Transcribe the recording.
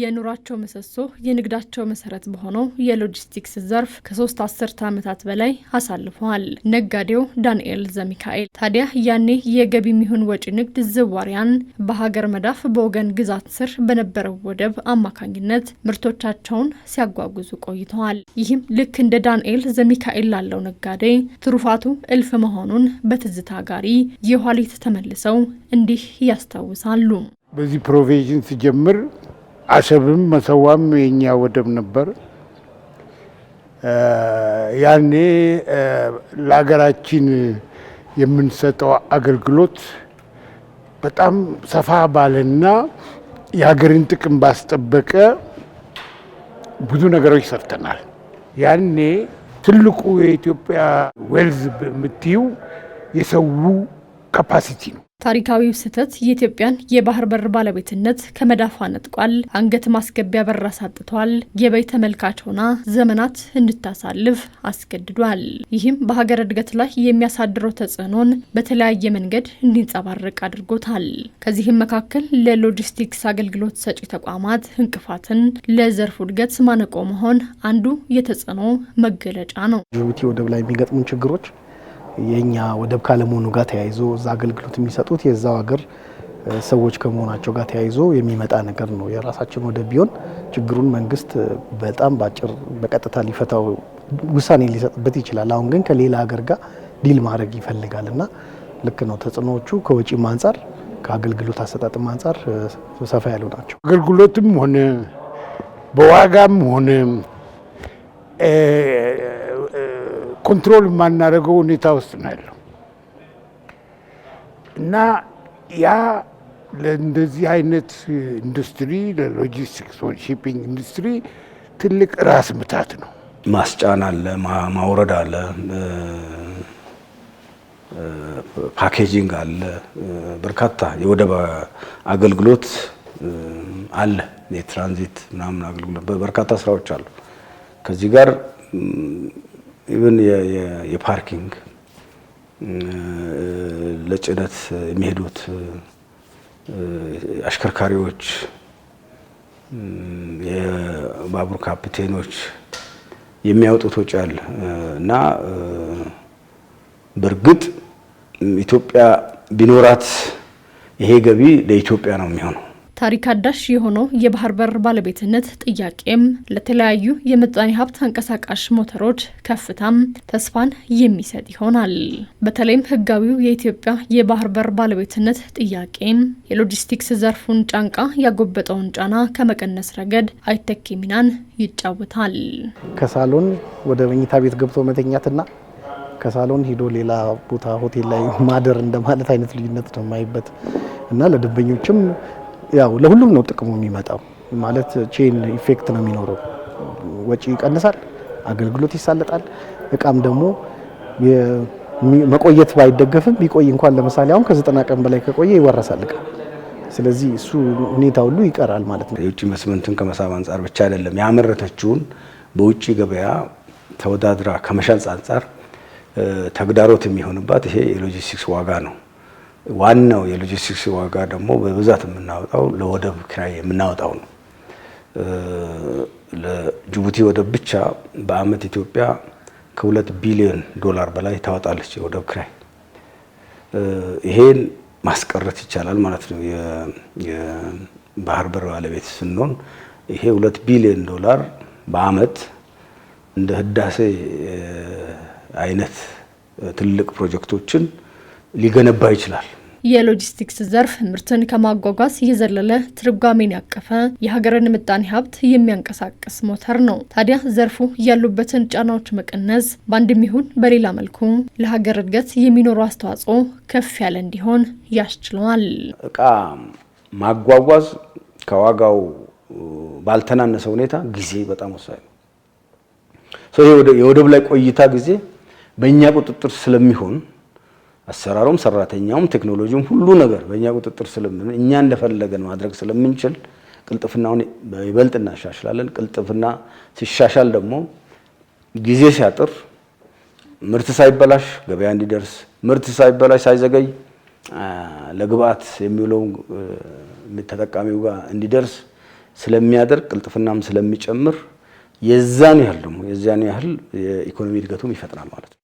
የኑሯቸው ምሰሶ የንግዳቸው መሰረት በሆነው የሎጂስቲክስ ዘርፍ ከሶስት አስርተ ዓመታት በላይ አሳልፈዋል። ነጋዴው ዳንኤል ዘሚካኤል ታዲያ ያኔ የገቢ የሚሆን ወጪ ንግድ ዝዋሪያን በሀገር መዳፍ በወገን ግዛት ስር በነበረው ወደብ አማካኝነት ምርቶቻቸውን ሲያጓጉዙ ቆይተዋል። ይህም ልክ እንደ ዳንኤል ዘሚካኤል ላለው ነጋዴ ትሩፋቱ እልፍ መሆኑን በትዝታ ጋሪ የኋሊት ተመልሰው እንዲህ ያስታውሳሉ። በዚህ ፕሮቪዥን ሲጀምር አሰብም መሰዋም የኛ ወደብ ነበር። ያኔ ለሀገራችን የምንሰጠው አገልግሎት በጣም ሰፋ ባለና የሀገርን ጥቅም ባስጠበቀ ብዙ ነገሮች ሰርተናል። ያኔ ትልቁ የኢትዮጵያ ዌልዝ የምትይው የሰው ካፓሲቲ ነው። ታሪካዊው ስህተት የኢትዮጵያን የባህር በር ባለቤትነት ከመዳፏ ነጥቋል፣ አንገት ማስገቢያ በር አሳጥቷል፣ የበይ ተመልካች ሆና ዘመናት እንድታሳልፍ አስገድዷል። ይህም በሀገር እድገት ላይ የሚያሳድረው ተጽዕኖን በተለያየ መንገድ እንዲንጸባረቅ አድርጎታል። ከዚህም መካከል ለሎጂስቲክስ አገልግሎት ሰጪ ተቋማት እንቅፋትን፣ ለዘርፉ እድገት ማነቆ መሆን አንዱ የተጽዕኖ መገለጫ ነው። ጅቡቲ ወደብ ላይ የሚገጥሙን ችግሮች የእኛ ወደብ ካለመሆኑ ጋር ተያይዞ እዛ አገልግሎት የሚሰጡት የዛው ሀገር ሰዎች ከመሆናቸው ጋር ተያይዞ የሚመጣ ነገር ነው። የራሳችን ወደብ ቢሆን ችግሩን መንግስት በጣም በአጭር በቀጥታ ሊፈታው ውሳኔ ሊሰጥበት ይችላል። አሁን ግን ከሌላ ሀገር ጋር ዲል ማድረግ ይፈልጋል እና ልክ ነው ተጽዕኖዎቹ ከወጪም አንጻር ከአገልግሎት አሰጣጥም አንጻር ሰፋ ያሉ ናቸው። አገልግሎትም ሆነ በዋጋም ሆነ ኮንትሮል የማናደርገው ሁኔታ ውስጥ ነው ያለው እና ያ ለእንደዚህ አይነት ኢንዱስትሪ ለሎጂስቲክስ ሺፒንግ ኢንዱስትሪ ትልቅ ራስ ምታት ነው። ማስጫን አለ፣ ማውረድ አለ፣ ፓኬጂንግ አለ፣ በርካታ የወደብ አገልግሎት አለ፣ የትራንዚት ምናምን አገልግሎት በርካታ ስራዎች አሉ ከዚህ ጋር ኢቨን የፓርኪንግ ለጭነት የሚሄዱት አሽከርካሪዎች፣ የባቡር ካፕቴኖች የሚያወጡት ወጪ አለ እና በእርግጥ ኢትዮጵያ ቢኖራት ይሄ ገቢ ለኢትዮጵያ ነው የሚሆነው። ታሪክ አዳሽ የሆነው የባህር በር ባለቤትነት ጥያቄም ለተለያዩ የምጣኔ ሀብት አንቀሳቃሽ ሞተሮች ከፍታም ተስፋን የሚሰጥ ይሆናል። በተለይም ህጋዊው የኢትዮጵያ የባህር በር ባለቤትነት ጥያቄም የሎጂስቲክስ ዘርፉን ጫንቃ ያጎበጠውን ጫና ከመቀነስ ረገድ አይተኬ ሚናን ይጫወታል። ከሳሎን ወደ መኝታ ቤት ገብቶ መተኛትና ከሳሎን ሂዶ ሌላ ቦታ ሆቴል ላይ ማደር እንደማለት አይነት ልዩነት ነው የማይበት እና ለደንበኞችም ያው ለሁሉም ነው ጥቅሙ የሚመጣው ማለት ቼን ኢፌክት ነው የሚኖረው። ወጪ ይቀንሳል፣ አገልግሎት ይሳለጣል፣ እቃም ደግሞ መቆየት ባይደገፍም ቢቆይ እንኳን ለምሳሌ አሁን ከዘጠና ቀን በላይ ከቆየ ይወረሳል እቃ። ስለዚህ እሱ ሁኔታ ሁሉ ይቀራል ማለት ነው። የውጭ ኢንቨስትመንትን ከመሳብ አንጻር ብቻ አይደለም ያመረተችውን በውጭ ገበያ ተወዳድራ ከመሻል አንጻር ተግዳሮት የሚሆንባት ይሄ የሎጂስቲክስ ዋጋ ነው። ዋናው የሎጂስቲክስ ዋጋ ደግሞ በብዛት የምናወጣው ለወደብ ክራይ የምናወጣው ነው። ለጅቡቲ ወደብ ብቻ በአመት ኢትዮጵያ ከሁለት ቢሊዮን ዶላር በላይ ታወጣለች የወደብ ክራይ ይሄን ማስቀረት ይቻላል ማለት ነው። የባህር በር ባለቤት ስንሆን ይሄ ሁለት ቢሊዮን ዶላር በአመት እንደ ህዳሴ አይነት ትልቅ ፕሮጀክቶችን ሊገነባ ይችላል። የሎጂስቲክስ ዘርፍ ምርትን ከማጓጓዝ የዘለለ ትርጓሜን ያቀፈ የሀገርን ምጣኔ ሀብት የሚያንቀሳቅስ ሞተር ነው። ታዲያ ዘርፉ ያሉበትን ጫናዎች መቀነስ በአንድም ይሁን በሌላ መልኩ ለሀገር እድገት የሚኖረው አስተዋጽኦ ከፍ ያለ እንዲሆን ያስችለዋል። እቃ ማጓጓዝ ከዋጋው ባልተናነሰ ሁኔታ ጊዜ በጣም ወሳኝ ነው። የወደብ ላይ ቆይታ ጊዜ በእኛ ቁጥጥር ስለሚሆን አሰራሩም ሰራተኛውም ቴክኖሎጂውም ሁሉ ነገር በእኛ ቁጥጥር ስለምን እኛ እንደፈለገን ማድረግ ስለምንችል ቅልጥፍናውን ይበልጥ እናሻሽላለን። ቅልጥፍና ሲሻሻል ደግሞ ጊዜ ሲያጥር ምርት ሳይበላሽ ገበያ እንዲደርስ ምርት ሳይበላሽ ሳይዘገይ ለግብአት የሚውለው ተጠቃሚው ጋር እንዲደርስ ስለሚያደርግ ቅልጥፍናም ስለሚጨምር የዛን ያህል ደግሞ የዛን ያህል የኢኮኖሚ እድገቱም ይፈጥናል ማለት ነው።